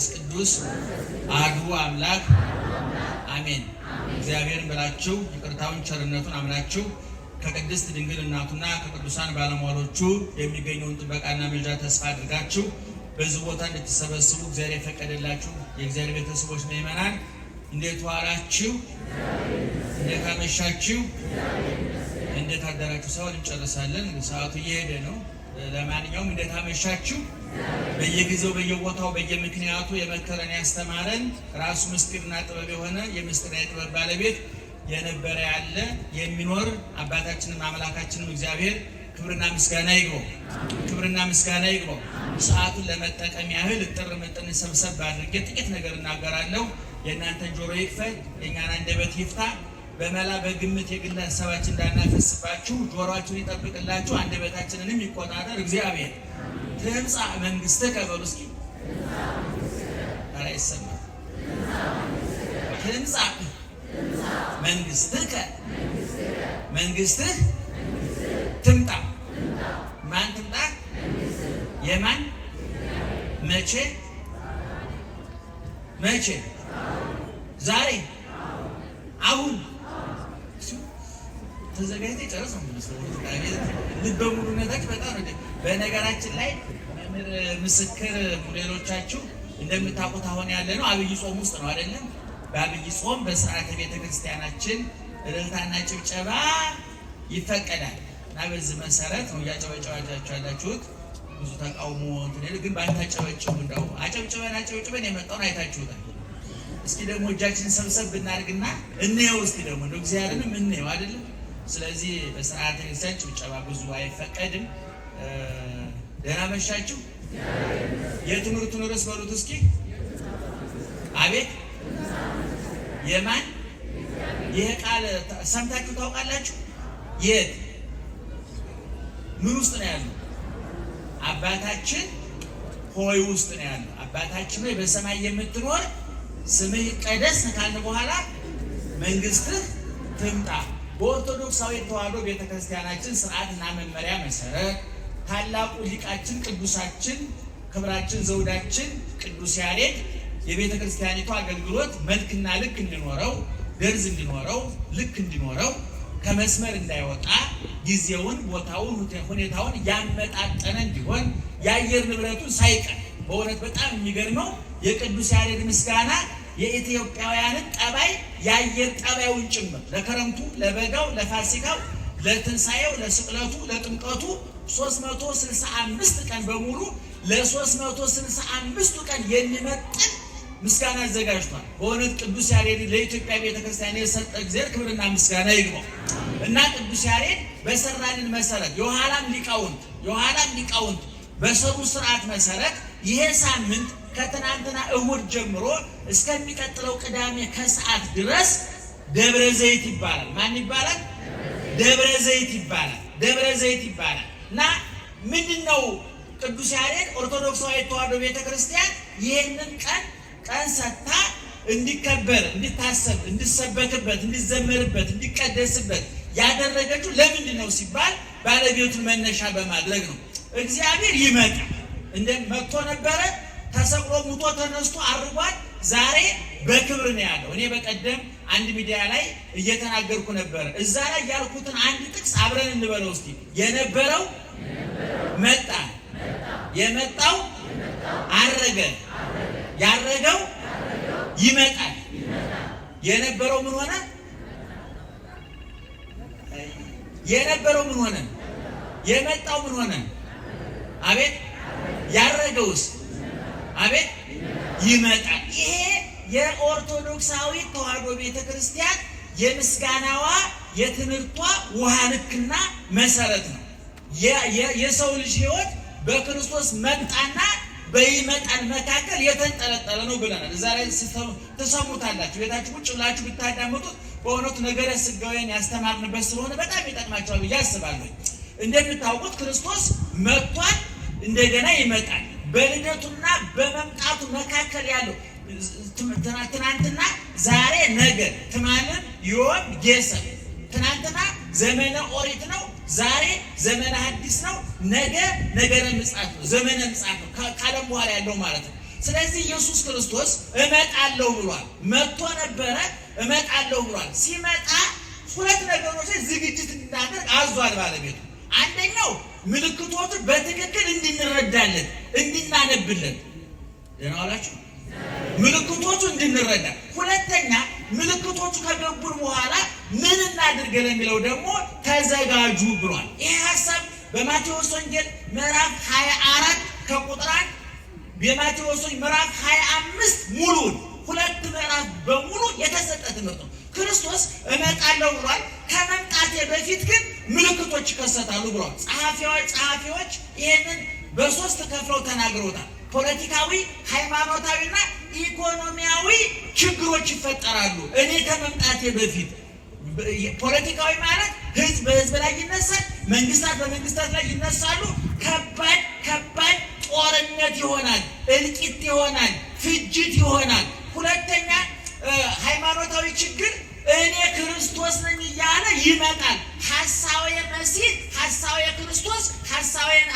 መንፈስ ቅዱስ አሐዱ አምላክ አሜን። እግዚአብሔር ብላችሁ ይቅርታውን ቸርነቱን አምናችሁ ከቅድስት ድንግል እናቱና ከቅዱሳን ባለሟሎቹ የሚገኘውን ጥበቃና መጃ ተስፋ አድርጋችሁ በዚህ ቦታ እንድትሰበስቡ እግዚአብሔር የፈቀደላችሁ የእግዚአብሔር ቤተሰቦች ምእመናን እንዴት ዋላችሁ? እንዴት አመሻችሁ? እንዴት አደራችሁ? ሰውን እንጨርሳለን። ሰዓቱ እየሄደ ነው። ለማንኛውም እንዴት አመሻችሁ? በየጊዜው በየቦታው በየምክንያቱ የመከረን ያስተማረን ራሱ ምስጢርና ጥበብ የሆነ የምስጢርና የጥበብ ባለቤት የነበረ ያለ የሚኖር አባታችንም አምላካችንም እግዚአብሔር ክብርና ምስጋና ይግባው። ክብርና ምስጋና ይግባው። ሰዓቱን ለመጠቀም ያህል እጥር ምጥን ሰብሰብ ባድርጌ ጥቂት ነገር እናገራለሁ። የእናንተን ጆሮ ይክፈት፣ የእኛን አንደበት ይፍታ። በመላ በግምት የግለሰባችን እንዳናፈስባችሁ፣ ጆሮአችሁን ይጠብቅላችሁ፣ አንደበታችንንም ይቆጣጠር እግዚአብሔር ትምጻ መንግስት ከበሉ እስኪ ራይ ይሰማል። ትምጻ መንግስትህ መንግስትህ ትምጣ። ማን ትምጣ? የማን መቼ? መቼ? ዛሬ፣ አሁን ተዘጋጅተህ ጨረሰው። ልበ ሙሉነታችሁ በጣም በነገራችን ላይ መምህር ምስክር ሙሌሎቻችሁ እንደምታውቁት አሁን ያለ ነው አብይ ጾም ውስጥ ነው አይደለም። በአብይ ጾም በስርዓተ ቤተ ክርስቲያናችን እልልታና ጭብጨባ ይፈቀዳል እና በዚህ መሰረት ነው እያጨበጨባችሁ ያላችሁት። ብዙ ተቃውሞ ትንል ግን ባታጨበጭቡ እንደው አጨብጭበን አጨብጭበን የመጣውን አይታችሁታል። እስኪ ደግሞ እጃችን ሰብሰብ ብናደርግና እንየው እስኪ ደግሞ እንደ እግዚአብሔርንም እንየው አይደለም። ስለዚህ በስርዓተ ክርስቲያን ጭብጨባ ብዙ አይፈቀድም። ደህና መሻችሁ። የትምህርቱን ርዕስ በሉት እስኪ። አቤት የማን ይህ ቃል ሰምታችሁ ታውቃላችሁ? የት ምን ውስጥ ነው ያለው? አባታችን ሆይ ውስጥ ነው ያለው። አባታችን ሆይ በሰማይ የምትኖር ስምህ ይቀደስ ካለ በኋላ መንግስትህ ትምጣ። በኦርቶዶክሳዊ ተዋህዶ ቤተክርስቲያናችን ስርዓትና መመሪያ መሰረት ታላቁ ሊቃችን ቅዱሳችን ክብራችን ዘውዳችን ቅዱስ ያሬድ የቤተ ክርስቲያኒቱ አገልግሎት መልክና ልክ እንዲኖረው ደርዝ እንዲኖረው ልክ እንዲኖረው ከመስመር እንዳይወጣ ጊዜውን፣ ቦታውን፣ ሁኔታውን ያመጣጠነ እንዲሆን የአየር ንብረቱን ሳይቀር በእውነት በጣም የሚገርመው የቅዱስ ያሬድ ምስጋና የኢትዮጵያውያንን ጠባይ የአየር ጠባዩን ጭምር ለከረምቱ፣ ለበጋው፣ ለፋሲካው፣ ለትንሣኤው፣ ለስቅለቱ፣ ለጥምቀቱ 365 ቀን በሙሉ ለ365ቱ ቀን የሚመጥን ምስጋና አዘጋጅቷል። በእውነት ቅዱስ ያሬድ ለኢትዮጵያ ቤተክርስቲያን የሰጠ እግዚአብሔር ክብርና ምስጋና ይግባው እና ቅዱስ ያሬድ በሰራንን መሰረት የኋላም ሊቃውንት የኋላም ሊቃውንት በሰሩ ስርዓት መሰረት ይሄ ሳምንት ከትናንትና እሁድ ጀምሮ እስከሚቀጥለው ቅዳሜ ከሰዓት ድረስ ደብረ ዘይት ይባላል። ማን ይባላል? ደብረ ዘይት ይባላል። ደብረ ዘይት ይባላል። እና ምንድን ነው ቅዱስ ያሬድ ኦርቶዶክሳዊ ተዋሕዶ ቤተክርስቲያን ይህንን ቀን ቀን ሰታ እንዲከበር፣ እንዲታሰብ፣ እንዲሰበክበት፣ እንዲዘመርበት፣ እንዲቀደስበት ያደረገችው ለምንድን ነው ሲባል ባለቤቱን መነሻ በማድረግ ነው። እግዚአብሔር ይመጣ እንደ መጥቶ ነበረ ተሰቅሎ ሙቶ ተነስቶ አድርጓል ዛሬ በክብር ነው ያለው። እኔ በቀደም አንድ ሚዲያ ላይ እየተናገርኩ ነበረ። እዛ ላይ ያልኩትን አንድ ጥቅስ አብረን እንበለው እስቲ። የነበረው መጣ፣ የመጣው አረገ፣ ያረገው ይመጣል። የነበረው ምን ሆነ? የነበረው ምን ሆነ? የመጣው ምን ሆነ? አቤት! ያረገውስ? አቤት! ይመጣል። ይሄ የኦርቶዶክሳዊ ተዋህዶ ቤተ ክርስቲያን የምስጋናዋ የትምህርቷ ውሃ ንክና መሰረት ነው። የሰው ልጅ ህይወት በክርስቶስ መምጣና በይመጣል መካከል የተንጠለጠለ ነው ብለናል። እዛ ላይ ትሰሙታላችሁ። ቤታችሁ ቁጭ ብላችሁ ብታዳምጡት በእውነቱ ነገረ ሥጋዌን ያስተማርንበት ስለሆነ በጣም ይጠቅማቸዋል ብዬ አስባለሁ። እንደምታውቁት ክርስቶስ መጥቷል፣ እንደገና ይመጣል። በልደቱና በመምጣቱ መካከል ያለው ትናንትና፣ ዛሬ፣ ነገ ትማምን ይሆን ጌሰ ትናንትና ዘመነ ኦሪት ነው። ዛሬ ዘመነ አዲስ ነው። ነገ ነገረ ምጽአት ነው፣ ዘመነ ምጽአት ነው፣ ከዓለም በኋላ ያለው ማለት ነው። ስለዚህ ኢየሱስ ክርስቶስ እመጣለሁ ብሏል። መጥቶ ነበረ፣ እመጣለሁ ብሏል። ሲመጣ ሁለት ነገሮች ዝግጅት እንድናደርግ አዟል ባለቤቱ። አንደኛው ምልክቶቹ በትክክል እንድንረዳለን፣ እንድናነብለን ደህና ዋላችሁ። ምልክቶቹ እንድንረዳ። ሁለተኛ ምልክቶቹ ከገቡን በኋላ ምን እናድርግ ለሚለው ደግሞ ተዘጋጁ ብሏል። ይህ ሀሳብ በማቴዎስ ወንጌል ምዕራፍ 24 ከቁጥራት የማቴዎስ ወንጌል ምዕራፍ 25 ሙሉ ሁለት ምዕራፍ በሙሉ የተሰጠ ትምህርት ነው። ክርስቶስ እመጣለሁ ብሏል። ከመምጣቴ በፊት ግን ምልክቶች ይከሰታሉ ብሏል። ጸሐፊዎች ጸሐፊዎች ይህንን በሶስት ከፍለው ተናግረውታል። ፖለቲካዊ፣ ሃይማኖታዊና ኢኮኖሚያዊ ችግሮች ይፈጠራሉ። እኔ ከመምጣቴ በፊት ፖለቲካዊ ማለት ህዝብ በህዝብ ላይ ይነሳል፣ መንግስታት በመንግስታት ላይ ይነሳሉ። ከባድ ከባድ ጦርነት ይሆናል፣ እልቂት ይሆናል፣ ፍጅት ይሆናል። ሁለተኛ ሃይማኖታዊ ችግር እኔ ክርስቶስ ነኝ እያለ ይመጣል። ሀሳዊ መሲህ፣ ሀሳዊ ክርስቶስ፣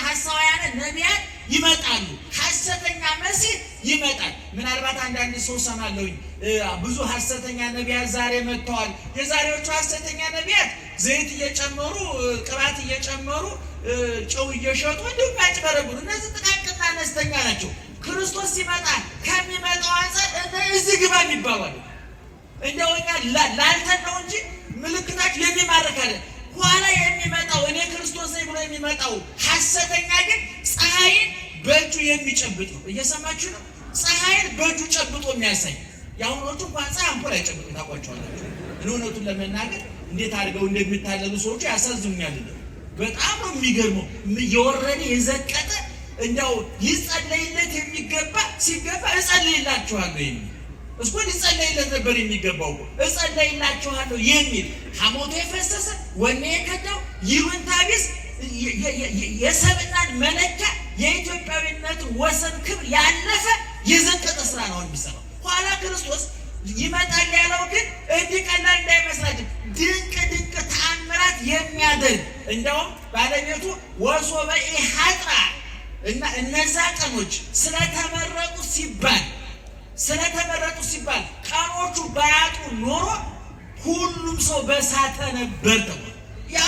ሀሳውያን ነቢያት ይመጣሉ። ሐሰተኛ መሲህ ይመጣል። ምናልባት አንዳንድ ሰው ሰማለሁኝ ብዙ ሐሰተኛ ነቢያት ዛሬ መጥተዋል። የዛሬዎቹ ሐሰተኛ ነቢያት ዘይት እየጨመሩ ቅባት እየጨመሩ ጨው እየሸጡ እንዲሁም ያጭበረብሩ። እነዚህ ጥቃቅና አነስተኛ ናቸው። ክርስቶስ ሲመጣ ከሚመጣው አንፃር እዚህ ግባ የሚባባል እንደው እኛ ላልተን ነው እንጂ ምልክታችሁ የሚማርክ አለ። ኋላ የሚመጣው እኔ ክርስቶስ ብሎ የሚመጣው ሐሰተኛ ግን ፀሐይን በእጁ የሚጨብጥ ነው። እየሰማችሁ ነው። ፀሐይን በእጁ ጨብጦ የሚያሳይ የአሁኖቹ እንኳን ፀሐይ አምፖል አይጨብጡ ታቋቸዋላቸው። እውነቱን ለመናገር እንዴት አድርገው እንደሚታለሉ ሰዎቹ ያሳዝኑኛል። በጣም ነው የሚገርመው። የወረደ የዘቀጠ እንዲያው ይጸለይለት የሚገባ ሲገባ እጸለይላችኋለሁ የሚል እስኮ ይጸለይለት ነበር የሚገባው እኮ እጸለይላችኋለሁ የሚል ሐሞቱ የፈሰሰ ወኔ የከዳው ይሁንታ ቢስ የሰብናን መለኪያ የኢትዮጵያዊነት ወሰን ክብር ያለፈ የዘቀጠ ስራ ነው የሚሰራው። ኋላ ክርስቶስ ይመጣል ያለው ግን እንዲህ ቀላል እንዳይመስላችሁ ድንቅ ድንቅ ተአምራት የሚያደርግ እንደውም ባለቤቱ ወሶ በኢሃጥራ እና እነዛ ቀኖች ስለተመረጡ ሲባል ስለተመረጡ ሲባል ቀኖቹ ባያጡ ኖሮ ሁሉም ሰው በሳተ ነበር። ያ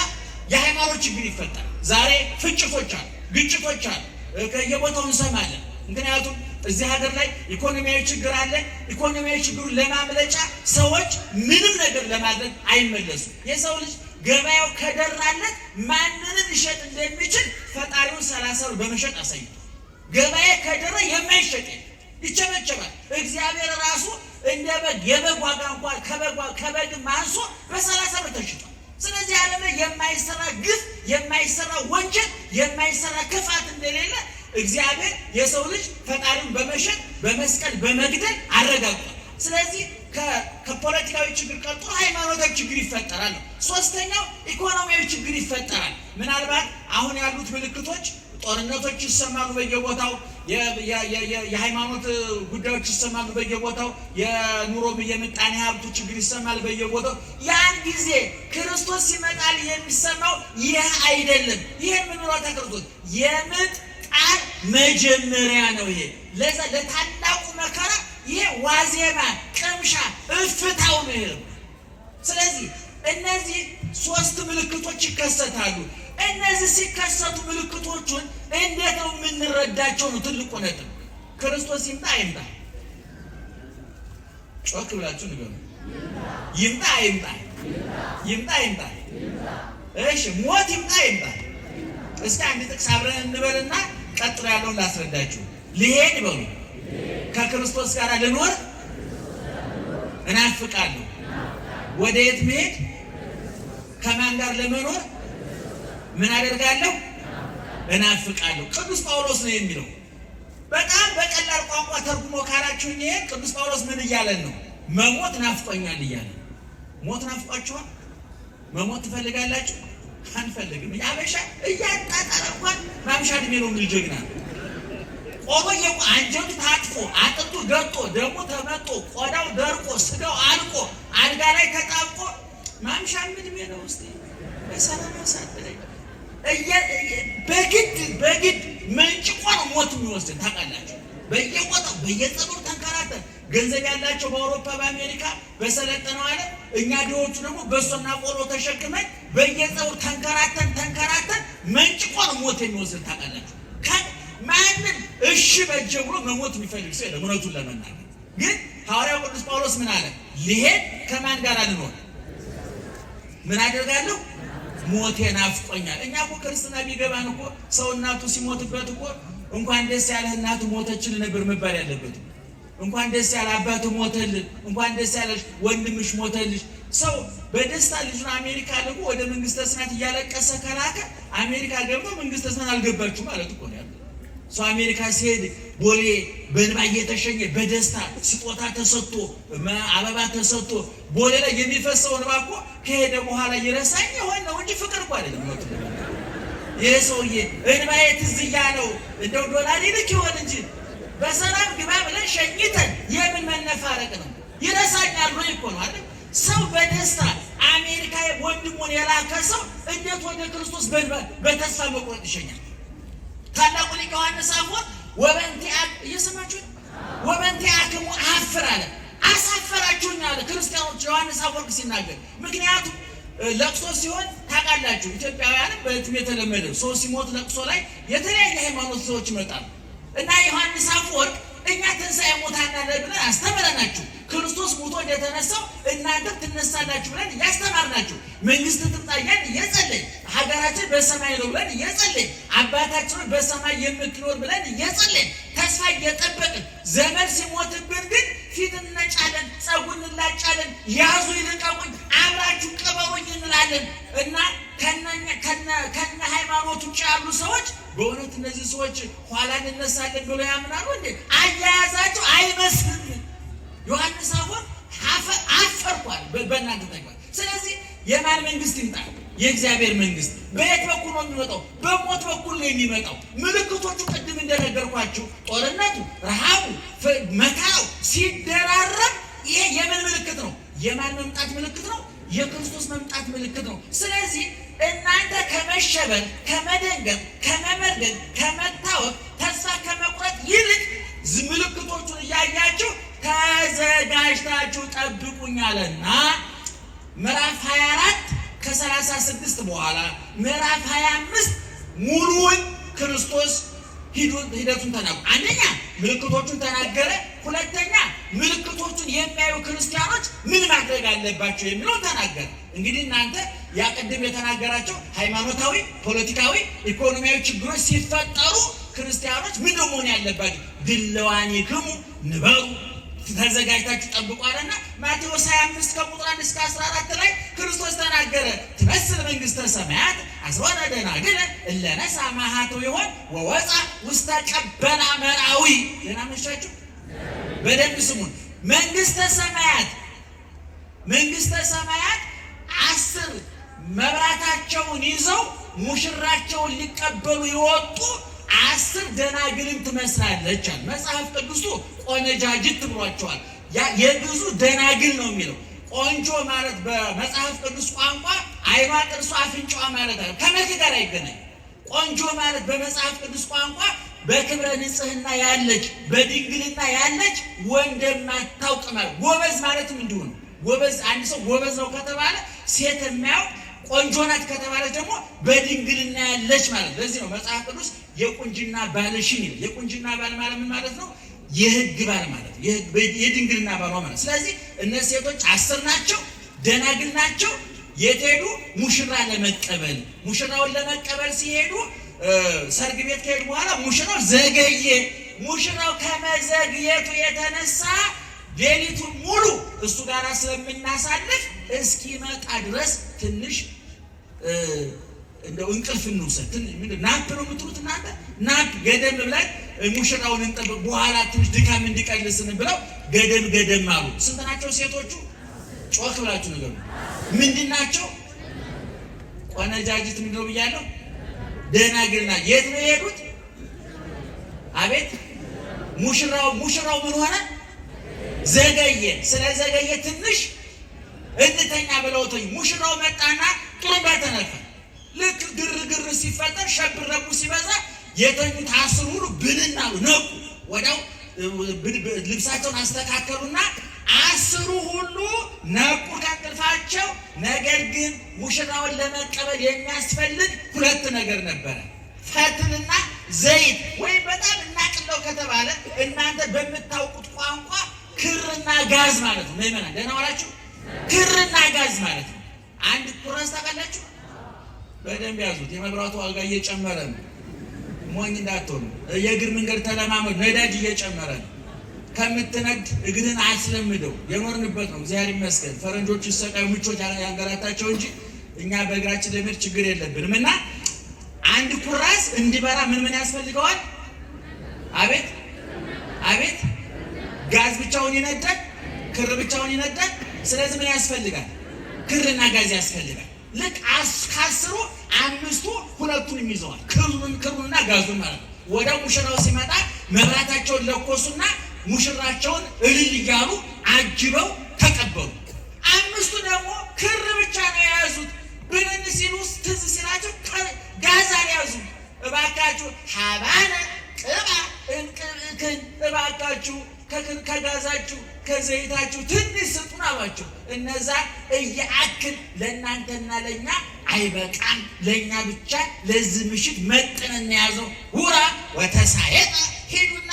የሃይማኖት ችግር ይፈጠራል። ዛሬ ፍጭቶች አሉ፣ ግጭቶች አሉ። ከየቦታው እንሰማለን። ምክንያቱም እዚህ ሀገር ላይ ኢኮኖሚያዊ ችግር አለ። ኢኮኖሚያዊ ችግሩን ለማምለጫ ሰዎች ምንም ነገር ለማድረግ አይመለሱም። የሰው ልጅ ገበያው ከደራለት ማንንም ይሸጥ እንደሚችል ፈጣሪውን ሰላሳ ብር በመሸጥ አሳይቷል። ገበያ ከደረ የማይሸጥ ይቸበቸባል። እግዚአብሔር ራሱ እንደ በግ የበግ ዋጋ እንኳን ከበግ ማንሶ በሰላሳ ብር ተሽጧል። ስለዚህ ዓለም የማይሰራ ግፍ፣ የማይሰራ ወንጀል፣ የማይሰራ ክፋት እንደሌለ እግዚአብሔር የሰው ልጅ ፈጣሪውን በመሸጥ በመስቀል በመግደል አረጋግጧል። ስለዚህ ከፖለቲካዊ ችግር ቀጥሎ ሃይማኖታዊ ችግር ይፈጠራል ሶስተኛው ኢኮኖሚያዊ ችግር ይፈጠራል። ምናልባት አሁን ያሉት ምልክቶች ጦርነቶች ይሰማሉ በየቦታው፣ የሃይማኖት ጉዳዮች ይሰማሉ በየቦታው፣ የኑሮ የምጣኔ ሀብቱ ችግር ይሰማል በየቦታው። ያን ጊዜ ክርስቶስ ሲመጣል የሚሰማው ይህ አይደለም። ይህ ተክርቶት የምጥ ቃል መጀመሪያ ነው። ይሄ ለታላቁ መከራ ይሄ ዋዜማ ቅምሻ እፍታው ነው። ስለዚህ እነዚህ ሶስት ምልክቶች ይከሰታሉ። እነዚህ ሲከሰቱ ምልክቶቹን እንዴት ነው የምንረዳቸው? ነው ትልቁ ነጥብ። ክርስቶስ ይምጣ አይምጣ፣ ጮክ ብላችሁ ንገሩ። ይምጣ አይምጣ፣ ይምጣ አይምጣ፣ እሺ ሞት ይምጣ አይምጣ። እስቲ አንድ ጥቅስ አብረን እንበልና ቀጥሎ ያለውን ላስረዳችሁ። ልሄድ በሉ፣ ከክርስቶስ ጋር ልኖር እናፍቃለሁ። ወደ የት መሄድ? ከማን ጋር ለመኖር ምን አደርጋለሁ? እናፍቃለሁ። ቅዱስ ጳውሎስ ነው የሚለው። በጣም በቀላል ቋንቋ ተርጉሞ ካላችሁኝ ይሄ ቅዱስ ጳውሎስ ምን እያለን ነው? መሞት ናፍቆኛል እያለ ሞት ናፍቋችኋል? መሞት ትፈልጋላችሁ? አንፈልግም። ያበሻ እያጣጣረ እንኳን ማምሻ ዕድሜ ነው የሚል ጀግና ቆሞ አንጀቱ ታጥፎ አጥንቱ ደጦ ደሙ ተመጦ ቆዳው ደርቆ ስጋው አልቆ አልጋ ላይ ተጣብቆ ማምሻ ዕድሜ ነው። እስኪ በሰላም ያሳድረኝ። በግድ በግድ መንጭቆ ነው ሞት የሚወስድ ታውቃላችሁ። በየቦታው በየጸሎት ተንከራተን ገንዘብ ያላቸው በአውሮፓ በአሜሪካ በሰለጠነው ዓለም እኛ ድሆቹ ደግሞ በእሷና ቆሎ ተሸክመን በየጸሩ ተንከራተን ተንከራተን መንጭቆ ነው ሞት የሚወስድ ታውቃላችሁ። ማንም እሺ በእጄ ብሎ መሞት የሚፈልግ ሰው የለም። እውነቱን ለመናገር ግን ሐዋርያው ቅዱስ ጳውሎስ ምን አለ? ልሄድ ከማን ጋር ልኖር ምን አደርጋለሁ ሞቴ ናፍቆኛል። እኛ እኮ ክርስትና ቢገባን እኮ ሰው እናቱ ሲሞትበት እኮ እንኳን ደስ ያለህ እናቱ ሞተችልህ ነበር መባል ያለበት እንኳን ደስ ያለ አባቱ ሞተልህ፣ እንኳን ደስ ያለሽ ወንድምሽ ሞተልሽ። ሰው በደስታ ልጁን አሜሪካ ልኮ ወደ መንግስተ ስናት እያለቀሰ ከላከ አሜሪካ ገብቶ መንግስተ ጽናት አልገባችሁ ማለት እኮ ነው። ሰው አሜሪካ ሲሄድ ቦሌ በእንባ እየተሸኘ በደስታ ስጦታ ተሰጥቶ አበባ ተሰጥቶ ቦሌ ላይ የሚፈሰው እንባ እኮ ከሄደ በኋላ ይረሳኝ የሆን ነው እንጂ ፍቅር እኮ አይደለም። ይህ ሰውዬ እንባዬ ትዝ እያለው እንደው ዶላር ይልክ ይሆን እንጂ በሰላም ግባ ብለን ሸኝተን የምን መነፋረቅ ነው? ይረሳኛል ብሎ እኮ ነው አይደል? ሰው በደስታ አሜሪካ ወንድሙን የላከ ሰው እንዴት ወደ ክርስቶስ በተስፋ መቁረጥ ይሸኛል? ታላቁ ሊቅ ዮሐንስ አፈወርቅ እየሰማችሁ አክሙ አፍር አለ። አሳፈራችሁኝ አለ ክርስቲያኖች፣ ዮሐንስ አፈወርቅ ሲናገር። ምክንያቱም ለቅሶ ሲሆን ታውቃላችሁ፣ ኢትዮጵያውያንም በእትም የተለመደ ሰው ሲሞት ለቅሶ ላይ የተለያዩ ሃይማኖት ሰዎች ይመጣሉ እና ዮሐንስ አፈወርቅ እኛ ትንሣኤ ሙታን አለ ብለን አስተምረናችሁ ክርስቶስ ሙቶ እንደተነሳው እናንተ ትነሳላችሁ ብለን እያስተማርናችሁ መንግስት ትምጣ እያልን እየጸለይ ሀገራችን በሰማይ ነው ብለን እየጸለይ አባታችን በሰማይ የምትኖር ብለን እየጸለይ ተስፋ እየጠበቅን ዘመን ሲሞትብን ግን ፊት እንነጫለን፣ ጸጉር እንላጫለን፣ ያዙ ይልቀቁኝ፣ አብራችሁ ቅበሩኝ እንላለን እና ከነ ሃይማኖት ውጭ ያሉ ሰዎች በእውነት እነዚህ ሰዎች ኋላ እንነሳለን ብሎ ያምናሉ እንዴ? አያያዛቸው አይመስልም። ዮሐንስ አፎን አፈርኳል በእናንተ ታይቋል። ስለዚህ የማን መንግስት ይምጣል የእግዚአብሔር መንግስት በየት በኩል ነው የሚመጣው? በሞት በኩል ነው የሚመጣው። ምልክቶቹ ቅድም እንደነገርኳችሁ ጦርነቱ፣ ረሃቡ፣ መከራው ሲደራረብ ይሄ የምን ምልክት ነው? የማን መምጣት ምልክት ነው? የክርስቶስ መምጣት ምልክት ነው። ስለዚህ እናንተ ከመሸበር፣ ከመደንገጥ፣ ከመመርገጥ፣ ከመታወቅ፣ ተስፋ ከመቁረጥ ይልቅ ምልክቶቹን እያያችሁ ተዘጋጅታችሁ ጠብቁኛለና ምዕራፍ 24 ከ36 በኋላ ምዕራፍ 25 ሙሉውን ክርስቶስ ሂደቱን ተናገረ። አንደኛ ምልክቶቹን ተናገረ። ሁለተኛ ምልክቶቹን የሚያዩ ክርስቲያኖች ምን ማድረግ አለባቸው የሚለው ተናገረ። እንግዲህ እናንተ ያቀድም የተናገራቸው ሃይማኖታዊ፣ ፖለቲካዊ፣ ኢኮኖሚያዊ ችግሮች ሲፈጠሩ ክርስቲያኖች ምን መሆን ያለባቸው ድለዋኔክሙ ንበሩ ተዘጋጅታችሁ ጠብቁ አለና ማቴዎስ 25 ከቁጥር 1 እስከ 14 ላይ ክርስቶስ ተናገረ። ትመስል መንግሥተ ሰማያት አስወረ ደናግል እለ ነሳ ማሃተው ይሆን ወወፃ ውስተ ቀበና መራዊ ለናመሻችሁ መሻችሁ። በደንብ ስሙን። መንግሥተ ሰማያት መንግሥተ ሰማያት አስር መብራታቸውን ይዘው ሙሽራቸውን ሊቀበሉ የወጡ አስር ደናግልን ትመስላለች አለ መጽሐፍ ቅዱሱ። ቆነጃጅት ብሏቸዋል። የግዙ ደናግል ነው የሚለው ቆንጆ ማለት በመጽሐፍ ቅዱስ ቋንቋ አይኗ፣ ጥርሷ፣ አፍንጫዋ ማለት አለ። ከመልክ ጋር አይገናኝ። ቆንጆ ማለት በመጽሐፍ ቅዱስ ቋንቋ በክብረ ንጽህና ያለች በድንግልና ያለች ወንደማታውቅ ማለት ጎበዝ ማለትም እንዲሁ ነው። ጎበዝ አንድ ሰው ጎበዝ ነው ከተባለ ሴት የሚያውቅ ቆንጆ ናት ከተባለች ደግሞ በድንግልና ያለች ማለት። ለዚህ ነው መጽሐፍ ቅዱስ የቁንጅና ባልሽን ይል። የቁንጅና ባል ማለት ምን ማለት ነው? የህግ ባል ማለት ነው። የድንግልና ባሏ ማለት። ስለዚህ እነዚህ ሴቶች አስር ናቸው፣ ደናግል ናቸው። የት ሄዱ? ሙሽራ ለመቀበል ሙሽራውን ለመቀበል ሲሄዱ ሰርግ ቤት ከሄዱ በኋላ ሙሽራው ዘገየ። ሙሽራው ከመዘግየቱ የተነሳ ሌሊቱን ሙሉ እሱ ጋር ስለምናሳልፍ እስኪመጣ ድረስ ትንሽ እንደው እንቅልፍ እንውሰድ። ናክ ነው የምትሉት እናንተ ናፕ ገደም ብለን ሙሽራውን እንጠብቅ፣ በኋላ ትንሽ ድካም እንዲቀልስን ብለው ገደም ገደም አሉ። ስንት ናቸው ሴቶቹ? ጮክ ብላችሁ ነገሩ ምንድን ናቸው? ቆነጃጅት ምንድነው ብያለሁ? ደናግል የት ነው የሄዱት? አቤት ሙሽራው ሙሽራው ምን ሆነ? ዘገየ። ስለዘገየ ትንሽ እንተኛ ብለውተኝ ሙሽራው መጣና ቅርባ ተነካ። ልክ ግርግር ሲፈጠር ሸብረቁ ሲበዛ የተኙ ታስሩ ሁሉ ብንና ነቁ። ወዲያው ልብሳቸውን አስተካከሉና አስሩ ሁሉ ነቁ ከእንቅልፋቸው። ነገር ግን ሙሽራውን ለመቀበል የሚያስፈልግ ሁለት ነገር ነበረ፣ ፈትንና ዘይት ወይም በጣም እናቅለው ከተባለ እናንተ በምታውቁት ቋንቋ ክርና ጋዝ ማለት ነው። ይመናል ደህና ዋላችሁ። ክርና ጋዝ ማለት ነው። አንድ ኩራስ ታውቃላችሁ፣ በደንብ ያዙት። የመብራቱ ዋጋ እየጨመረ ነው። ሞኝ እንዳትሆኑ። የእግር መንገድ ተለማመድ። ነዳጅ እየጨመረ ነው። ከምትነድ እግርን አስለምደው። የኖርንበት ነው፣ እግዚአብሔር ይመስገን። ፈረንጆች ይሰቃዩ፣ ምቾች ያንገላታቸው እንጂ እኛ በእግራችን ለመሄድ ችግር የለብንም። እና አንድ ኩራስ እንዲበራ ምን ምን ያስፈልገዋል? አቤት አቤት! ጋዝ ብቻውን ይነዳል? ክር ብቻውን ይነዳል? ስለዚህ ምን ያስፈልጋል? ክርና ጋዝ ያስፈልጋል። ልክ ከአስሩ አምስቱ ሁለቱን ይዘዋል። ክሩን ክሩንና ጋዙን ማለት ነው። ወደ ሙሽራው ሲመጣ መብራታቸውን ለኮሱና ሙሽራቸውን እልል እያሉ አጅበው ተቀበሉ። አምስቱ ደግሞ ክር ብቻ ነው የያዙት። ብንን ሲሉ ትዝ ሲላቸው ጋዛ ያዙ። እባካችሁ ሀባነ ቅባ እንቅብክን እባካችሁ ከጋዛችሁ ከዘይታችሁ ትንሽ ስጡና ተዋቸው። እነዛ እየአክል ለእናንተና ለእኛ አይበቃን፣ ለእኛ ብቻ ለዚህ ምሽት መጥን እንያዘው። ውራ ወተሳየጠ ሄዱና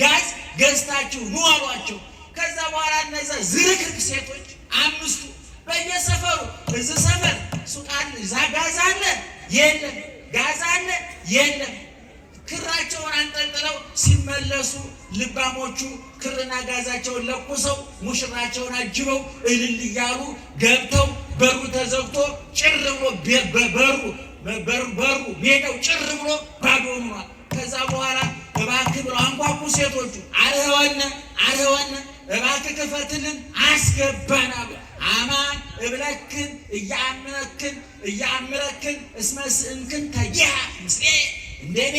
ጋዝ ገዝታችሁ ኑ አሏቸው። ከዛ በኋላ እነዛ ዝርክርክ ሴቶች አምስቱ በየሰፈሩ እዚህ ሰፈር ሱቃን ዛ ጋዝ አለ የለም፣ ጋዝ አለ የለም ክራቸውን አንጠልጥለው ሲመለሱ ልባሞቹ ክርና ጋዛቸውን ለኩሰው ሙሽራቸውን አጅበው እልል እያሉ ገብተው በሩ ተዘግቶ ጭር ብሎ በሩ በሩ ቤተው ጭር ብሎ ባዶ ሆኗል። ከዛ በኋላ እባክህ ብለው አንኳኩ ሴቶቹ። አረዋነ አረዋነ እባክህ ክፈትልን አስገባናሉ። አማን እብለክን እያምረክን እያምረክን እንክን ተያ ምስሌ እንደኔ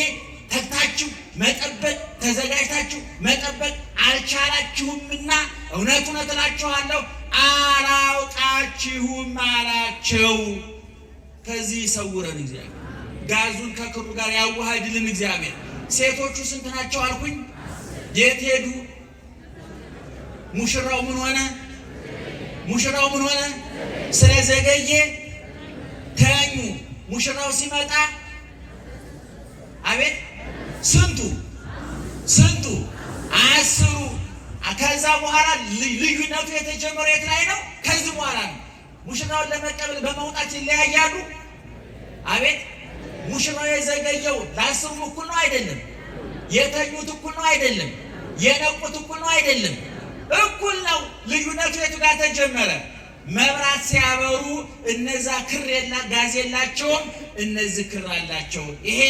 ተግታችሁ መጠበቅ ተዘጋጅታችሁ መጠበቅ አልቻላችሁምና እውነት እውነት እላችኋለሁ አላውቃችሁም አላቸው። ከዚህ ይሰውረን እግዚአብሔር። ጋዙን ከክሩ ጋር ያዋሃድልን እግዚአብሔር። ሴቶቹ ስንት ናቸው አልኩኝ? የት ሄዱ? ሙሽራው ምን ሆነ? ሙሽራው ምን ሆነ? ስለዘገየ ተኙ። ሙሽራው ሲመጣ አቤት ስንቱ ስንቱ አስሩ። ከዛ በኋላ ልዩነቱ የተጀመረ የት ላይ ነው? ከዚህ በኋላ ነው። ሙሽራውን ለመቀበል በመውጣት ይለያያሉ። አቤት ሙሽራው የዘገየው ለአስሩ እኩል ነው አይደለም። የተኙት እኩል ነው አይደለም። የነቁት እኩል ነው አይደለም። እኩል ነው። ልዩነቱ የቱ ጋር ተጀመረ? መብራት ሲያበሩ እነዛ ክር ጋዝ የላቸውም እነዚህ ክር አላቸው። ይሄ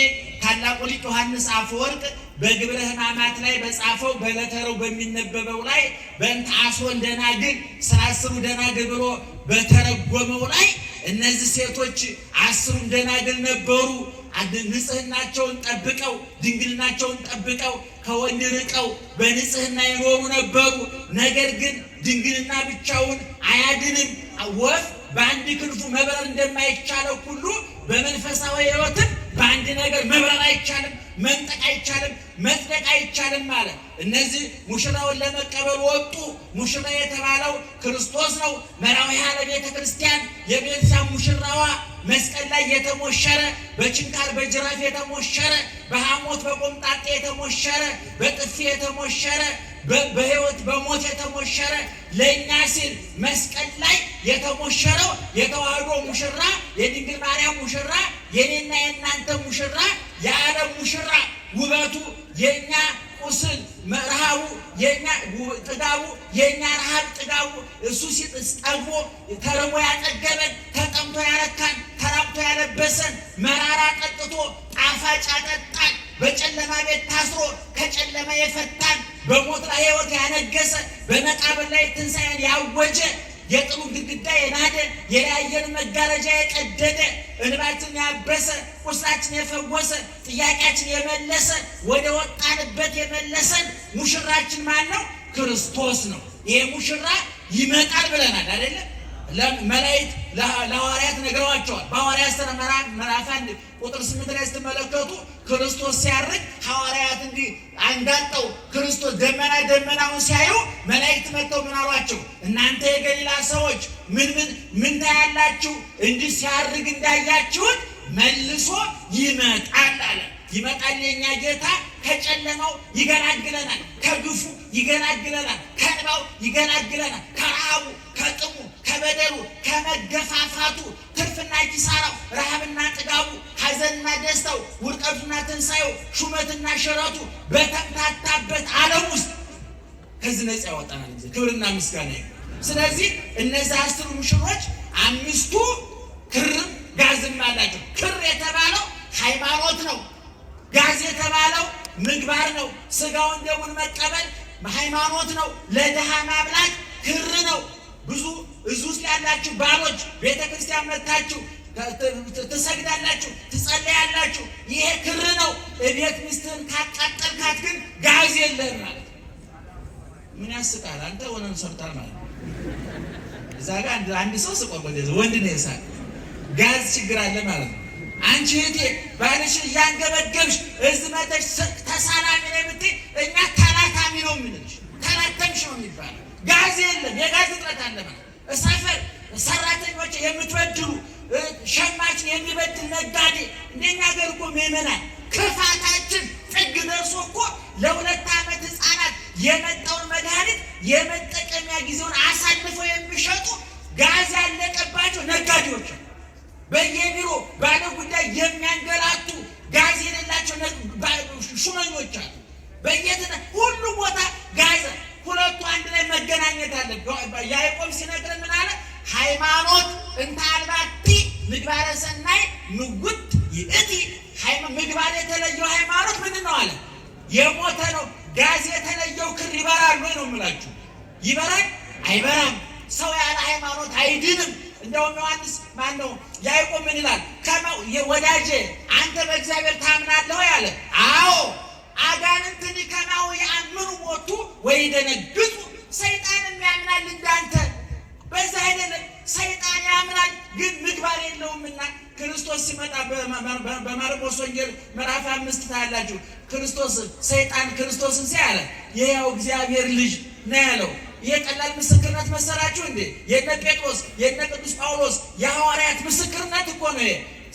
ታላቁ ሊቅ ዮሐንስ አፈወርቅ በግብረ ሕማማት ላይ በጻፈው በለተረው በሚነበበው ላይ በእንተ አስሮን ደናግል ስለ ደናግል ብሎ በተረጎመው ላይ እነዚህ ሴቶች አስሩን ደናግል ነበሩ። ንጽህናቸውን ጠብቀው ድንግልናቸውን ጠብቀው ከወንድ ርቀው በንጽህና ይኖሩ ነበሩ። ነገር ግን ድንግልና ብቻውን አያድንም። ወፍ በአንድ ክንፉ መብረር እንደማይቻለው ሁሉ በመንፈሳዊ ሕይወትም በአንድ ነገር መብረር አይቻልም፣ መንጠቅ አይቻልም፣ መጽደቅ አይቻልም ማለት እነዚህ ሙሽራውን ለመቀበል ወጡ። ሙሽራ የተባለው ክርስቶስ ነው። ያለ ቤተ ክርስቲያን የቤዛ ሙሽራዋ መስቀል ላይ የተሞሸረ በችንካር በጅራፍ የተሞሸረ በሐሞት በቆምጣጤ የተሞሸረ በጥፊ የተሞሸረ በህይወት በሞት የተሞሸረ ለእኛ ሲል መስቀል ላይ የተሞሸረው የተዋህዶ ሙሽራ የድንግል ማርያም ሙሽራ የኔና የእናንተ ሙሽራ የዓለም ሙሽራ ውበቱ የእኛ ቁስል ረሃቡ ጥጋቡ የእኛ ረሃብ ጥጋቡ እሱ ሲጠግቦ ተርቦ ያጠገበን ተጠምቶ ያረካን ተራብቶ ያለበሰን መራራ ጠጥቶ ጣፋጭ አጠጣን በጨለማ ቤት ታስሮ ከጨለማ የፈታን በሞት ላይ ሕይወት ያነገሰ በመቃብር ላይ ትንሣኤን ያወጀ የጥሩ ግድግዳ የናደ የለያየን መጋረጃ የቀደደ እንባችን ያበሰ ቁስላችን የፈወሰ ጥያቄያችን የመለሰ ወደ ወጣንበት የመለሰን ሙሽራችን ማን ነው? ክርስቶስ ነው። ይሄ ሙሽራ ይመጣል ብለናል አይደለም? መላእክት ለሐዋርያት ነግረዋቸዋል። በሐዋርያት ሥራ ምዕራፍ አንድ ቁጥር ስምንት ላይ ስትመለከቱ ክርስቶስ ሲያርግ ሐዋርያት እንዲህ አንጋጠው ክርስቶስ ደመና ደመናውን ሲያዩ መላእክት መጥተው ምን አሏቸው? እናንተ የገሊላ ሰዎች ምን ምን ምን ታያላችሁ? እንዲህ ሲያርግ እንዳያችሁት መልሶ ይመጣል አለ። ይመጣል የኛ ጌታ ከጨለማው ይገላግለናል፣ ከግፉ ይገላግለናል፣ ከእባው ይገላግለናል፣ ከረሃቡ፣ ከጥሙ፣ ከበደሉ፣ ከመገፋፋቱ ትርፍና ኪሳራው ረሃብና ጥግ ደስታው፣ ውድቀቱና ትንሣኤው፣ ሹመትና ሸረቱ በተቅታታበት ዓለም ውስጥ ከዚህ ነፃ ያወጣናል። ጊዜ ክብርና ምስጋና ስለዚህ እነዚህ አስሩ ሙሽሮች አምስቱ ክርም ጋዝም አላቸው። ክር የተባለው ሃይማኖት ነው። ጋዝ የተባለው ምግባር ነው። ስጋውን ደሙን መቀበል ሃይማኖት ነው። ለድሃ ማብላት ክር ነው። ብዙ እዙ ውስጥ ያላችሁ ባሎች ቤተ ክርስቲያን መታችሁ ትሰግዳላችሁ፣ ትጸለያላችሁ። ይሄ ክር ነው። እቤት ሚስትህን ካቃጠልካት ግን ጋዝ የለህም ማለት ምን ያስቃል? አንተ ሆነን ሰርታል ማለት ነው። እዛ ጋ አንድ ሰው ስቆበት ወንድ ነው የሳቅ ጋዝ ችግር አለ ማለት ነው። አንቺ እህቴ ባልሽ እያንገበገብሽ እዚህ መጠሽ ተሳላሚ ነው የምትይ፣ እኛ ተላታሚ ነው የምንልሽ። ተላተምሽ ነው የሚባለው። ጋዝ የለም፣ የጋዝ እጥረት አለ ማለት እሳፈር ሰራተኞች የምትወድሩ የሚበድል ነጋዴ እንደኛ ሀገር እኮ ምዕመናን ክፋታችን ጥግ ደርሶ እኮ ለሁለት ዓመት ህፃናት የመጣውን መድኃኒት የመጠቀሚያ ጊዜውን አሳልፈው የሚሸጡ ጋዝ ያለቀባቸው ነጋዴዎች በየቢሮ ባለ ጉዳይ የሚያንገላቱ ጋዝ የሌላቸው ሹመኞች አሉ። በየትና ሁሉ ቦታ ጋዝ ሁለቱ አንድ ላይ መገናኘት አለ። ያዕቆብ ሲነግረን ምን አለ? ሃይማኖት እንተ ምግባረ ሰናይ ምውት ይእቲ ምግባር የተለየው ሃይማኖት ምንድን ነው አለ የሞተ ነው። ጋዝ የተለየው ክር ይበራል ወይ ነው የምላችሁ? ይበራል አይበራም? ሰው ያለ ሃይማኖት አይድንም። እንደውም ዮሐንስ ማን ነው ያዕቆብ ምን ይላል? ወዳጄ አንተ በእግዚአብሔር ታምናለህ ያለ አዎ አጋንንትን ከማሁ የአምኑ ሞቱ ወይ ደነግጡ ሰይጣንም ያምናል እንዳንተ በዛ አይነት ሰይጣን ያምናል፣ ግን ምግባር የለውምና ክርስቶስ ሲመጣ በማርቆስ ወንጌል ምዕራፍ አምስት ታያላችሁ። ክርስቶስ ሰይጣን ክርስቶስን ሲያ አለ የሕያው እግዚአብሔር ልጅ ነው ያለው። ይሄ ቀላል ምስክርነት መሰላችሁ እንዴ? የነ ጴጥሮስ የነ ቅዱስ ጳውሎስ የሐዋርያት ምስክርነት እኮ ነው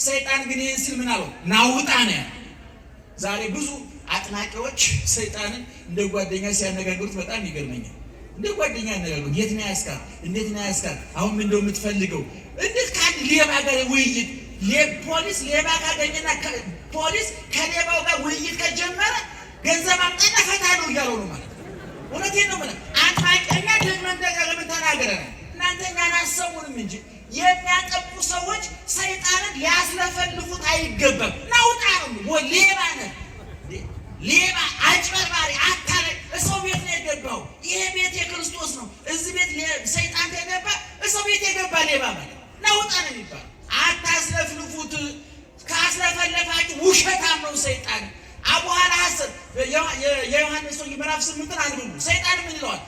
ሰይጣን ግን ይህን ሲል ምን አለው? ናውጣ ነው ያለው። ዛሬ ብዙ አጥናቂዎች ሰይጣንን እንደ ጓደኛ ሲያነጋግሩት በጣም ይገርመኛል። እንደ ጓደኛ ነው ያልኩት። የት ነው ያስካ እንዴት ነው ያስካ አሁን ምን እንደው የምትፈልገው? እንዴት ካን ሌባ ጋር ውይይት ፖሊስ ሌባ ጋር ገኘና ፖሊስ ከሌባው ጋር ውይይት ከጀመረ ገንዘብ አምጣና ፈታ ነው እያለው ነው ማለት ነው። እውነቴን ነው ማለት አጥባቂና ደግመን ደጋግመን ተናግረናል። እናንተ እኛን አሰሙንም እንጂ የሚያጠቁ ሰዎች ሰይጣንን ሊያስለፈልፉት አይገባም። ናውጣ ነው ሌባ ነ ሌባ አጭበርባሪ አታለ እሰው ቤት ነው የገባው። ይሄ ቤት የክርስቶስ ነው። እዚህ ቤት ሰይጣን ከገባ እሰው ቤት የገባ ሌባ ማለት ነው የሚባል። አታስለፍልፉት። ካስለፈለፋችሁ ውሸታም ነው ሰይጣን። አቡሃለ ሐሰት የዮሐንስ ወንጌል ምዕራፍ ስምንትን አንብቡ። ሰይጣን ምን ይለዋል?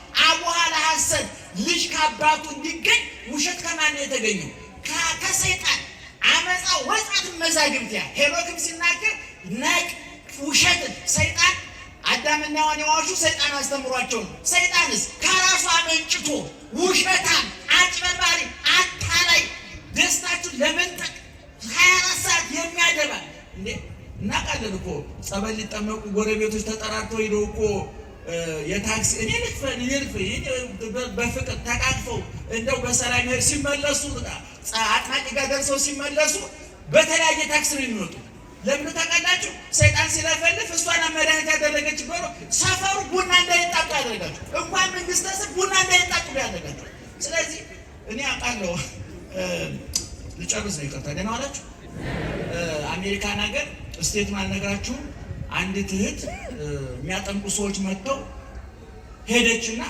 ሐሰት ልጅ ከአባቱ እንዲገኝ ውሸት ከማን ነው የተገኘው? ከሰይጣን አመፃ ወጣት መዛግብት ያ ሲናገር ነቅ ውሸትን ሰይጣን አዳምና ሔዋን የዋሹ ሰይጣን አስተምሯቸው ነው። ሰይጣንስ ከራሱ አመንጭቶ ውሸታም፣ አጭበርባሪ፣ አታላይ ደስታችሁ ለመንጠቅ ሀያ አራት ሰዓት የሚያደባ እናቃለን እኮ ጸበል ሊጠመቁ ጎረቤቶች ተጠራርተው ሄደው እኮ የታክሲ እኔ ልክፈል እኔ ልክፈል በፍቅር ተቃቅፈው እንደው በሰላም ሲመለሱ አጥማቂ ጋር ደርሰው ሲመለሱ በተለያየ ታክሲ ነው የሚወጡ ለምኑ ታውቃላችሁ? ሰይጣን ሲለፈልፍ እሷና መድኃኒት ያደረገች ብሎ ሰፈሩ ቡና እንዳይጣጡ ያደረጋችሁ፣ እንኳን መንግስተ ሰብ ቡና እንዳይጣጡ ያደረጋችሁ። ስለዚህ እኔ አውቃለሁ። ልጨርስ ነው፣ ይቅርታ። ደህና ዋላችሁ። አሜሪካን ሀገር ስቴቱን አልነግራችሁም። አንዲት እህት የሚያጠምቁ ሰዎች መጥተው ሄደችና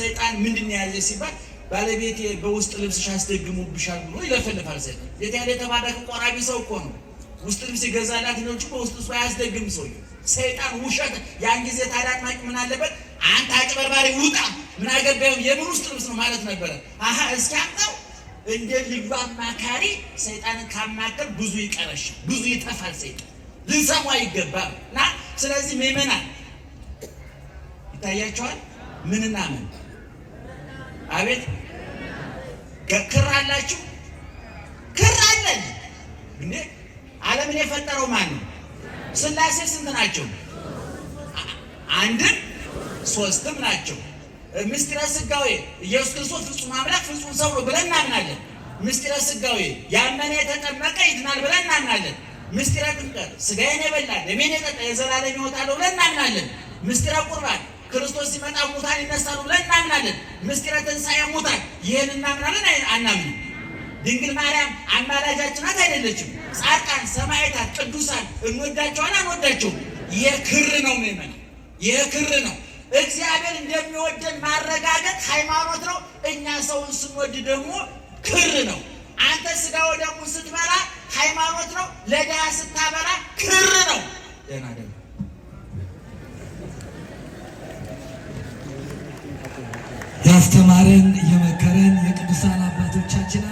ሰይጣን ምንድን ነው ያዘ ሲባል ባለቤቴ በውስጥ ልብስሽ አስደግሙብሻል ብሎ ይለፈልፋል። ሰይጣን የት ያለ የተባረከ ቆራቢ ሰው እኮ ነው። ውስጥ ልብስ ይገዛላት ነው እንጂ በውስጥ ሰው አያስደግም። ሰውዬው ሰይጣን ውሸት። ያን ጊዜ ታዲያ አጥማቂው ምን አለበት? አንተ አጭበርባሪ ውጣ፣ ምን አገባኝ፣ የምን ውስጥ ልብስ ነው ማለት ነበረ። አሀ እስኪ አምጣው። እንደ ልዩ አማካሪ ሰይጣንን ካማከር ብዙ ይቀረሽ፣ ብዙ ይጠፋል። ሰይጣን ልንሰማ ይገባል። እና ስለዚህ ምእመናን ይታያቸዋል። ምንና ምን አቤት ክር አላችሁ፣ ክር አለን ዓለምን የፈጠረው ማን ነው? ስላሴ ስንት ናቸው? አንድም ሶስትም ናቸው። ምስጢረ ስጋዌ ኢየሱስ ክርስቶስ ፍጹም አምላክ ፍጹም ሰው ነው ብለን እናምናለን። ምስጢረ ስጋዌ ያመነ የተጠመቀ ይድናል ብለን እናምናለን። ምስጢረ ጥምቀት ስጋዬን የበላ ደሜን የጠጣ የዘላለም ሕይወት አለው ብለን እናምናለን። ምስጢረ ቁርባን ክርስቶስ ሲመጣ ሙታን ይነሳሉ ብለን እናምናለን። ምስጢረ ትንሣኤ ሙታን ይህን እናምናለን አናምንም። ድንግል ማርያም አማላጃችን ናት አይደለችም? ጻድቃን፣ ሰማዕታት፣ ቅዱሳን እንወዳቸዋን አንወዳቸውም? የክር ነው ምዕመን፣ የክር ነው። እግዚአብሔር እንደሚወደን ማረጋገጥ ሃይማኖት ነው። እኛ ሰውን ስንወድ ደግሞ ክር ነው። አንተ ስጋ ወደሙ ስትበላ ሃይማኖት ነው። ለድሃ ስታበላ ክር ነው። ደህና ደህና ያስተማረን የመከረን የቅዱሳን አባቶቻችን